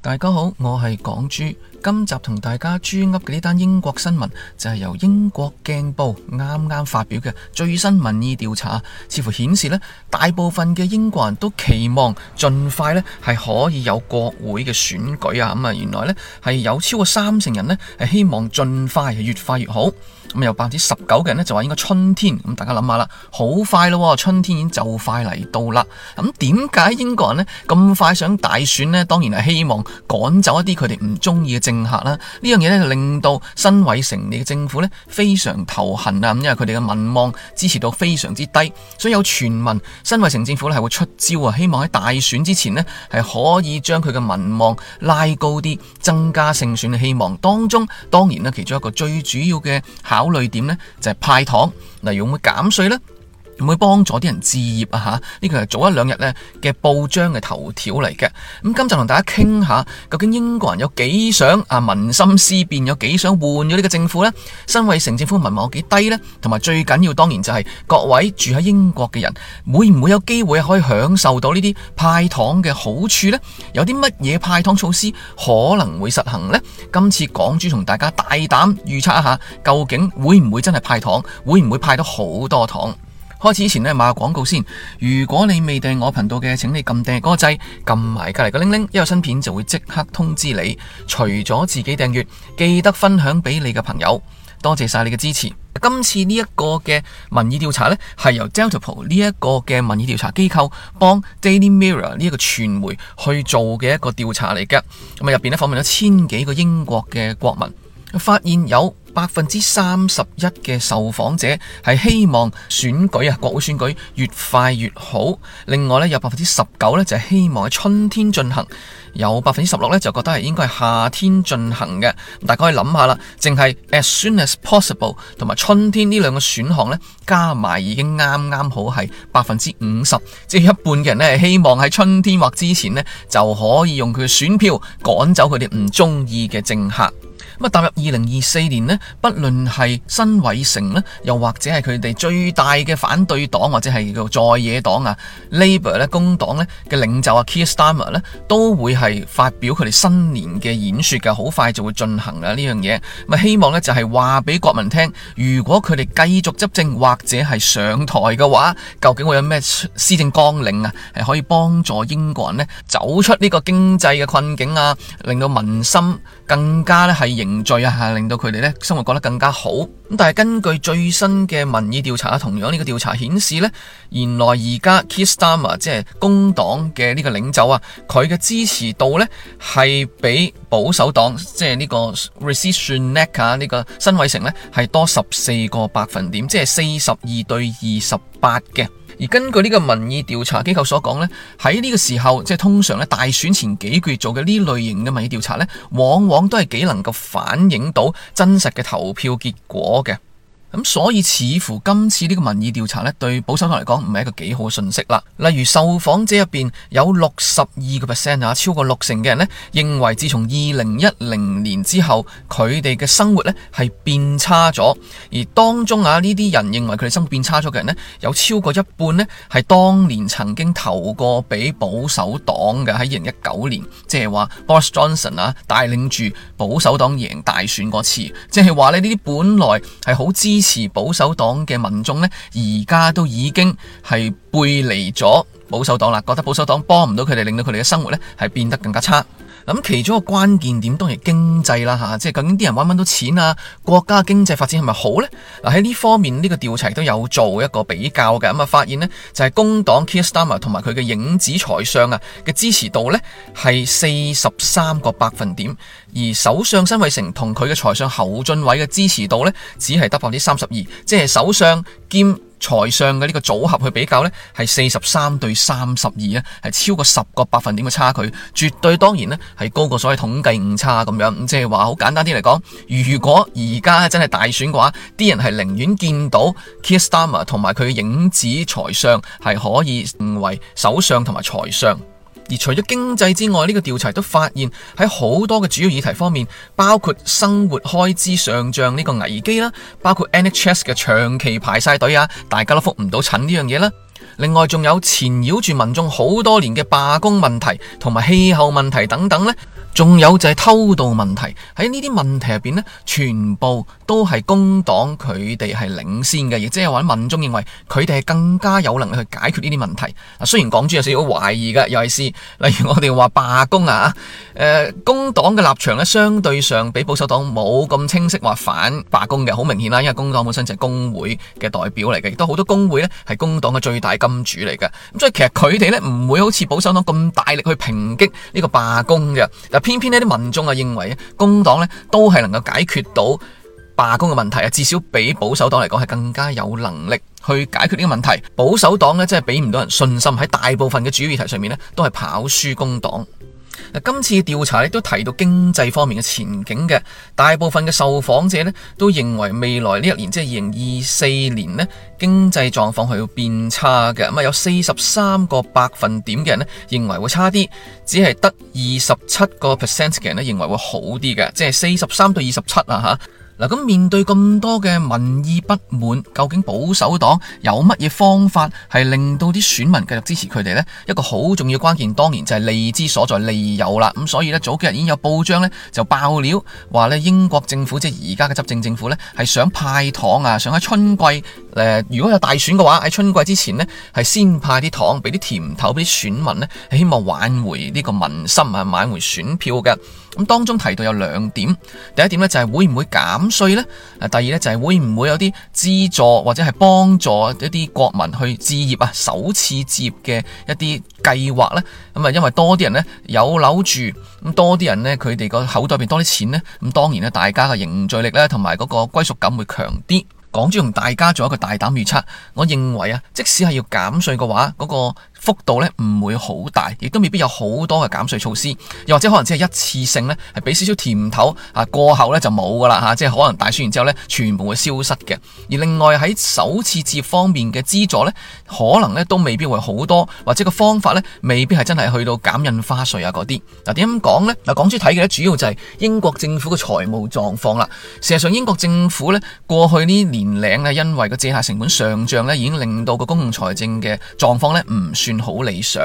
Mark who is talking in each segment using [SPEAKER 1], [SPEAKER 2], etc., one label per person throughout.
[SPEAKER 1] 大家好，我係港豬。今集同大家豬噏嘅呢單英國新聞就係、是、由英國鏡報啱啱發表嘅最新民意調查，似乎顯示呢，大部分嘅英國人都期望盡快咧係可以有國會嘅選舉啊。咁啊，原來呢係有超過三成人呢係希望盡快，越快越好。咁有百分之十九嘅人呢，就話應該春天，咁大家諗下啦，好快咯，春天已經就快嚟到啦。咁點解英國人呢，咁快想大選呢？當然係希望趕走一啲佢哋唔中意嘅政客啦。呢樣嘢呢，令到辛偉誠嘅政府呢，非常頭痕啊！咁因為佢哋嘅民望支持度非常之低，所以有傳聞辛偉誠政府呢，係會出招啊，希望喺大選之前呢，係可以將佢嘅民望拉高啲，增加勝選嘅希望。當中當然呢，其中一個最主要嘅考慮點呢，就係、是、派糖，例如會減稅咧。會唔會幫助啲人置業啊！嚇，呢個係早一兩日咧嘅報章嘅頭條嚟嘅。咁今就同大家傾下，究竟英國人有幾想啊民心思變，有幾想換咗呢個政府呢？身為城政府民望有幾低呢？同埋最緊要當然就係，各位住喺英國嘅人，會唔會有機會可以享受到呢啲派糖嘅好處呢？有啲乜嘢派糖措施可能會實行呢？今次港豬同大家大膽預測一下，究竟會唔會真係派糖？會唔會派到好多糖？開始之前呢，買個廣告先。如果你未訂我頻道嘅，請你撳訂閱個掣，撳埋隔籬個鈴鈴，一有新片就會即刻通知你。除咗自己訂閱，記得分享俾你嘅朋友。多謝晒你嘅支持。今次呢一個嘅民意調查呢，係由 Deltapoll 呢一個嘅民意調查機構幫 Daily Mirror 呢一個傳媒去做嘅一個調查嚟嘅。咁啊，入邊呢訪問咗千幾個英國嘅國民，發現有。百分之三十一嘅受訪者係希望選舉啊，國會選舉越快越好。另外呢，有百分之十九呢就係希望喺春天進行，有百分之十六呢就覺得係應該係夏天進行嘅。大家可以諗下啦，淨係 as soon as possible 同埋春天呢兩個選項呢，加埋已經啱啱好係百分之五十，即係一半嘅人呢，係希望喺春天或之前呢，就可以用佢選票趕走佢哋唔中意嘅政客。咁踏入二零二四年呢不論係新偉成，咧，又或者係佢哋最大嘅反對黨或者係叫做在野黨啊，Labour 咧工黨咧嘅領袖啊 Keir Starmer 都會係發表佢哋新年嘅演說嘅，好快就會進行啊呢樣嘢。咁希望呢就係話俾國民聽，如果佢哋繼續執政或者係上台嘅話，究竟會有咩施政綱領啊，係可以幫助英國人咧走出呢個經濟嘅困境啊，令到民心。更加咧係凝聚啊，係令到佢哋咧生活過得更加好。咁但係根據最新嘅民意調查，同樣呢個調查顯示呢，原來而家 Keir Starmer 即係工黨嘅呢個領袖啊，佢嘅支持度呢係比保守黨即係呢個 Rishi Sunak 啊呢個新委城呢係多十四個百分點，即係四十二對二十八嘅。而根據呢個民意調查機構所講呢，喺呢個時候，即係通常咧大選前幾個月做嘅呢類型嘅民意調查呢，往往都係幾能夠反映到真實嘅投票結果嘅。咁所以似乎今次呢個民意調查咧，對保守黨嚟講唔係一個幾好嘅信息啦。例如受訪者入邊有六十二個 percent 啊，超過六成嘅人咧，認為自從二零一零年之後，佢哋嘅生活咧係變差咗。而當中啊呢啲人認為佢哋生活變差咗嘅人咧，有超過一半咧係當年曾經投過俾保守黨嘅，喺二零一九年，即係話 Boris Johnson 啊帶領住保守黨贏大選嗰次，即係話咧呢啲本來係好知。支持保守黨嘅民眾呢，而家都已經係背離咗保守黨啦，覺得保守黨幫唔到佢哋，令到佢哋嘅生活呢，係變得更加差。咁其中一個關鍵點，當然經濟啦嚇、啊，即係究竟啲人揾唔揾到錢啊？國家經濟發展係咪好呢？嗱，喺呢方面呢、呢個調查都有做一個比較嘅，咁啊發現呢，就係、是、工黨 Keir Starmer 同埋佢嘅影子財相啊嘅支持度呢，係四十三個百分點，而首相辛偉誠同佢嘅財相侯俊偉嘅支持度呢，只係得百分之三十二，即係首相兼。財相嘅呢個組合去比較呢係四十三對三十二啊，係超過十個百分點嘅差距，絕對當然咧係高過所謂統計誤差咁樣。即係話好簡單啲嚟講，如果而家真係大選嘅話，啲人係寧願見到 Keir Starmer 同埋佢影子財相係可以成為首相同埋財相。而除咗經濟之外，呢個調查都發現喺好多嘅主要議題方面，包括生活開支上漲呢個危機啦，包括 NHS 嘅長期排晒隊啊，大家都覆唔到診呢樣嘢啦。另外，仲有纏繞住民眾好多年嘅罷工問題同埋氣候問題等等呢。仲有就係偷渡問題，喺呢啲問題入邊呢，全部都係工黨佢哋係領先嘅，亦即係話民眾認為佢哋係更加有能力去解決呢啲問題。啊，雖然港豬有少少懷疑嘅，尤其是例如我哋話罷工啊，誒、呃、工黨嘅立場呢，相對上比保守黨冇咁清晰話反罷工嘅，好明顯啦，因為工黨本身就係工會嘅代表嚟嘅，亦都好多工會呢係工黨嘅最大金主嚟嘅，咁所以其實佢哋呢，唔會好似保守黨咁大力去抨擊呢個罷工嘅。偏偏呢啲民眾啊，認為工黨咧都係能夠解決到罷工嘅問題啊，至少比保守黨嚟講係更加有能力去解決呢個問題。保守黨咧真係俾唔到人信心，喺大部分嘅主要議題上面咧都係跑輸工黨。今次調查呢都提到經濟方面嘅前景嘅，大部分嘅受訪者呢，都認為未來呢一年即係二零二四年呢，經濟狀況係會變差嘅，咁啊有四十三個百分點嘅人呢，認為會差啲，只係得二十七個 percent 嘅人呢，認為會好啲嘅，即係四十三對二十七啊嚇。啊嗱，咁面對咁多嘅民意不滿，究竟保守黨有乜嘢方法係令到啲選民繼續支持佢哋呢？一個好重要關鍵，當然就係利之所在利，利誘啦。咁所以呢，早幾日已經有報章呢就爆料，話呢英國政府即係而家嘅執政政府呢，係想派糖啊，想喺春季。如果有大選嘅話，喺春季之前呢，係先派啲糖，俾啲甜頭，俾啲選民呢係希望挽回呢個民心啊，挽回選票嘅。咁當中提到有兩點，第一點呢就係會唔會減稅呢？第二呢就係會唔會有啲資助或者係幫助一啲國民去置業啊？首次置業嘅一啲計劃呢？咁啊，因為多啲人呢有樓住，咁多啲人呢，佢哋個口袋入邊多啲錢呢。咁當然呢，大家嘅凝聚力呢，同埋嗰個歸屬感會強啲。港豬同大家做一個大膽預測，我認為啊，即使係要減稅嘅話，嗰、那個。幅度呢唔會好大，亦都未必有好多嘅減稅措施，又或者可能只係一次性呢，係俾少少甜頭啊，過後呢就冇噶啦吓，即係可能大選完之後呢，全部會消失嘅。而另外喺首次置業方面嘅資助呢，可能呢都未必會好多，或者個方法呢未必係真係去到減印花稅啊嗰啲。嗱點樣講呢？嗱講住睇嘅呢，主要就係英國政府嘅財務狀況啦。事實上，英國政府呢過去呢年零呢，因為個借貸成本上漲呢，已經令到個公共財政嘅狀況呢唔算好理想，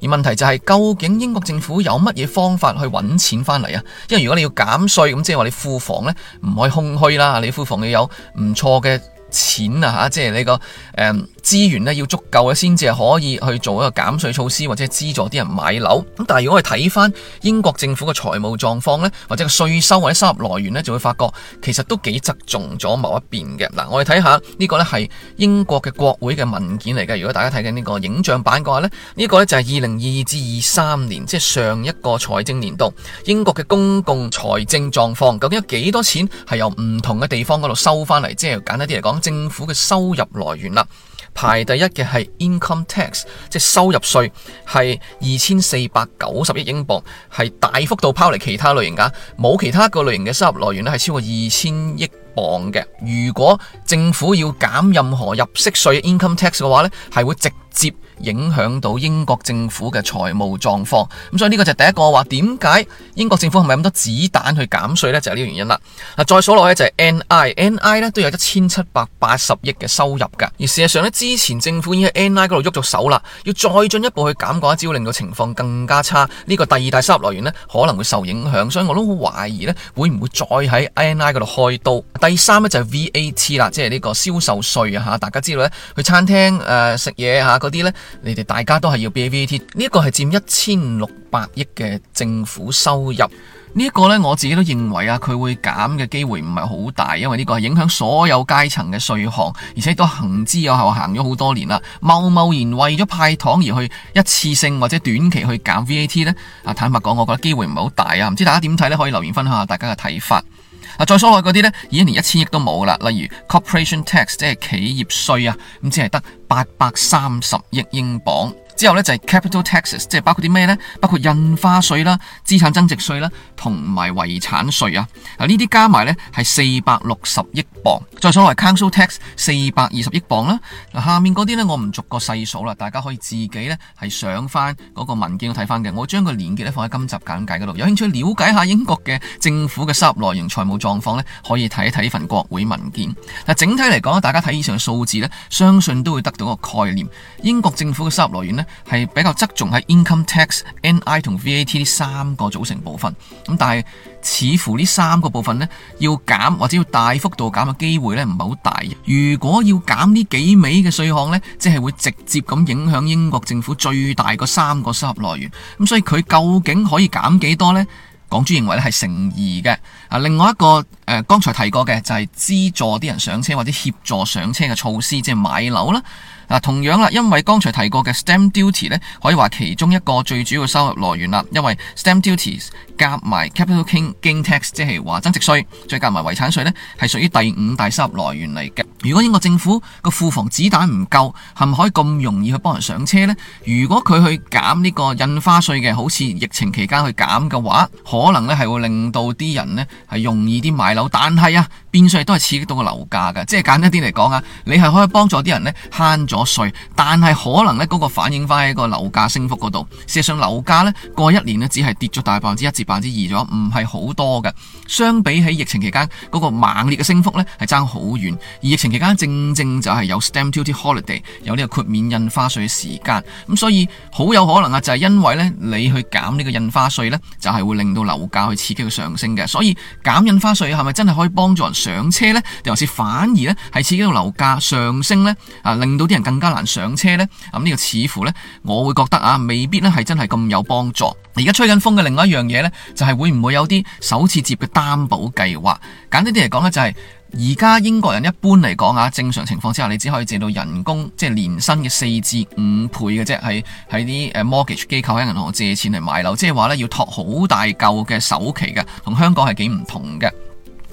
[SPEAKER 1] 而問題就係、是、究竟英國政府有乜嘢方法去揾錢翻嚟啊？因為如果你要減稅，咁即係話你庫房呢，唔可以空虛啦，你庫房要有唔錯嘅。錢啊嚇，即係你個誒、嗯、資源呢，要足夠嘅先至可以去做一個減稅措施或者資助啲人買樓。咁但係如果我哋睇翻英國政府嘅財務狀況呢，或者個稅收或者收入來源呢，就會發覺其實都幾側重咗某一邊嘅。嗱，我哋睇下呢個呢係英國嘅國會嘅文件嚟嘅。如果大家睇緊呢個影像版嘅話呢，呢、這個呢就係二零二二至二三年，即係上一個財政年度英國嘅公共財政狀況，究竟有幾多錢係由唔同嘅地方嗰度收翻嚟？即係簡單啲嚟講。政府嘅收入來源啦，排第一嘅係 income tax，即係收入稅，係二千四百九十億英鎊，係大幅度拋離其他類型㗎，冇其他個類型嘅收入來源咧，係超過二千億。如果政府要減任何入息稅 income tax 嘅話咧，係會直接影響到英國政府嘅財務狀況。咁所以呢個就係第一個話，點解英國政府係咪咁多子彈去減稅呢？就係、是、呢個原因啦。再所落呢，就係 NI，NI 咧都有一千七百八十億嘅收入噶。而事實上呢，之前政府已經喺 NI 嗰度喐咗手啦，要再進一步去減嗰一招，令到情況更加差。呢、這個第二大收入來源呢，可能會受影響，所以我都好懷疑呢，會唔會再喺 NI 嗰度開刀。第三咧就係 VAT 啦，即係呢個銷售稅啊嚇，大家知道咧，去餐廳誒、呃、食嘢嚇嗰啲呢，你哋大家都係要俾 VAT，呢一個係佔一千六百億嘅政府收入。呢一個咧我自己都認為啊，佢會減嘅機會唔係好大，因為呢個係影響所有階層嘅稅項，而且都行之有效行咗好多年啦。貿貿然為咗派糖而去一次性或者短期去減 VAT 呢，啊坦白講，我覺得機會唔係好大啊。唔知大家點睇呢？可以留言分享下大家嘅睇法。再在所內嗰啲咧，已經連一千億都冇啦。例如 corporation tax，即係企業稅啊，咁只係得八百三十億英鎊。之後呢，就係 capital taxes，即係包括啲咩呢？包括印花稅啦、資產增值稅啦，同埋遺產稅啊。嗱，呢啲加埋呢，係四百六十億鎊。再所謂 council tax 四百二十億鎊啦。嗱，下面嗰啲呢，我唔逐個細數啦，大家可以自己呢，係上翻嗰個文件去睇翻嘅。我將個連結呢，放喺今集簡介嗰度，有興趣了解下英國嘅政府嘅收入來源財務狀況呢，可以睇一睇呢份國會文件。嗱，整體嚟講，大家睇以上嘅數字呢，相信都會得到一個概念，英國政府嘅收入來源咧，係比較側重喺 income tax、NI 同 VAT 呢三個組成部分，咁但係似乎呢三個部分呢，要減或者要大幅度減嘅機會呢，唔係好大。如果要減呢幾味嘅稅項呢，即係會直接咁影響英國政府最大嗰三個收入來源，咁所以佢究竟可以減幾多呢？港豬認為咧係成疑嘅啊，另外一個。誒剛才提過嘅就係、是、資助啲人上車或者協助上車嘅措施，即係買樓啦。嗱，同樣啦，因為剛才提過嘅 stamp duty 呢，可以話其中一個最主要收入來源啦。因為 stamp duties 加埋 capital gain g tax，即係話增值稅，再加埋遺產稅呢，係屬於第五大收入來源嚟嘅。如果英國政府個庫房子彈唔夠，係咪可以咁容易去幫人上車呢？如果佢去減呢個印花稅嘅，好似疫情期間去減嘅話，可能呢係會令到啲人呢，係容易啲買樓。但係啊。變相都係刺激到個樓價嘅，即係簡單啲嚟講啊，你係可以幫助啲人呢慳咗稅，但係可能呢嗰個反映翻喺個樓價升幅嗰度。事實上樓價呢過一年呢，只係跌咗大百分之一至百分之二咗，唔係好多嘅。相比起疫情期間嗰、嗰個猛烈嘅升幅呢係爭好遠。而疫情期間正正就係有 Stamp Duty Holiday，有呢個豁免印花稅嘅時間，咁所以好有可能啊，就係因為呢你去減呢個印花稅呢，就係、是、會令到樓價去刺激佢上升嘅。所以減印花稅係咪真係可以幫助人？上車呢，又或者反而呢，係刺激到樓價上升呢，啊，令到啲人更加難上車呢。咁、這、呢個似乎呢，我會覺得啊，未必呢係真係咁有幫助。而家吹緊風嘅另外一樣嘢呢，就係、是、會唔會有啲首次接嘅擔保計劃？簡單啲嚟講呢，就係而家英國人一般嚟講啊，正常情況之下，你只可以借到人工即係、就是、年薪嘅四至五倍嘅啫，喺喺啲 mortgage 機構或者銀行借錢嚟買樓，即係話呢，要托好大嚿嘅首期嘅，同香港係幾唔同嘅。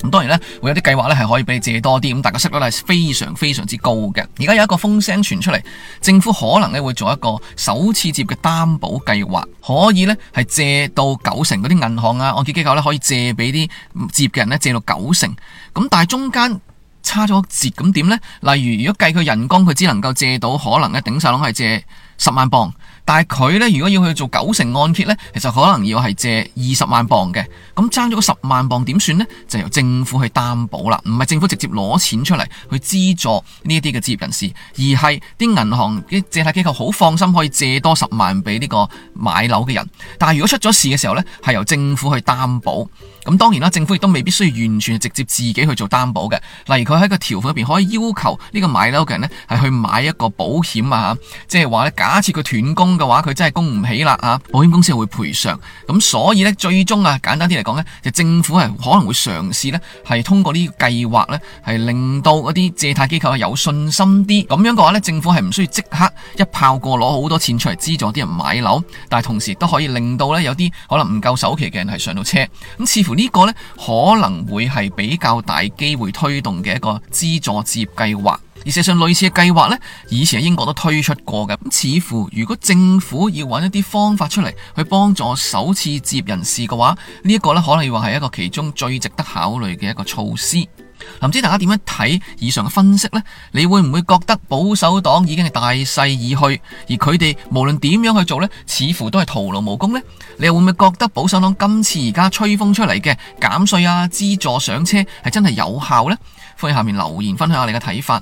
[SPEAKER 1] 咁當然咧，會有啲計劃咧係可以俾借多啲，咁但係個息率咧係非常非常之高嘅。而家有一個風聲傳出嚟，政府可能咧會做一個首次接嘅擔保計劃，可以呢係借到九成，嗰啲銀行啊、按揭機構咧可以借俾啲接嘅人呢，借到九成。咁、啊、但係中間差咗一截，咁點呢？例如如果計佢人工，佢只能夠借到可能咧頂晒窿係借十萬磅，但係佢呢，如果要去做九成按揭呢，其實可能要係借二十萬磅嘅。咁爭咗個十萬磅點算呢？就由政府去擔保啦，唔係政府直接攞錢出嚟去資助呢啲嘅職業人士，而係啲銀行啲借貸機構好放心可以借多十萬俾呢個買樓嘅人。但係如果出咗事嘅時候呢，係由政府去擔保。咁當然啦，政府亦都未必需要完全直接自己去做擔保嘅。例如佢喺個條款入邊可以要求呢個買樓嘅人呢，係去買一個保險啊，即係話呢假設佢斷供嘅話，佢真係供唔起啦啊，保險公司會賠償，咁所以呢，最終啊，簡單啲嚟講呢，就政府係可能會嘗試呢係通過呢個計劃呢係令到嗰啲借貸機構有信心啲，咁樣嘅話呢，政府係唔需要即刻一炮過攞好多錢出嚟資助啲人買樓，但係同時都可以令到呢，有啲可能唔夠首期嘅人係上到車，咁似乎呢個呢，可能會係比較大機會推動嘅一個資助置業計劃。而事實上，類似嘅計劃呢，以前喺英國都推出過嘅。咁似乎，如果政府要揾一啲方法出嚟去幫助首次置業人士嘅話，呢一個呢，可能要話係一個其中最值得考慮嘅一個措施。啊，唔知大家點樣睇以上嘅分析呢？你會唔會覺得保守黨已經係大勢已去，而佢哋無論點樣去做呢，似乎都係徒勞無功呢？你又會唔會覺得保守黨今次而家吹風出嚟嘅減稅啊、資助上車係真係有效呢？歡迎下面留言分享下你嘅睇法。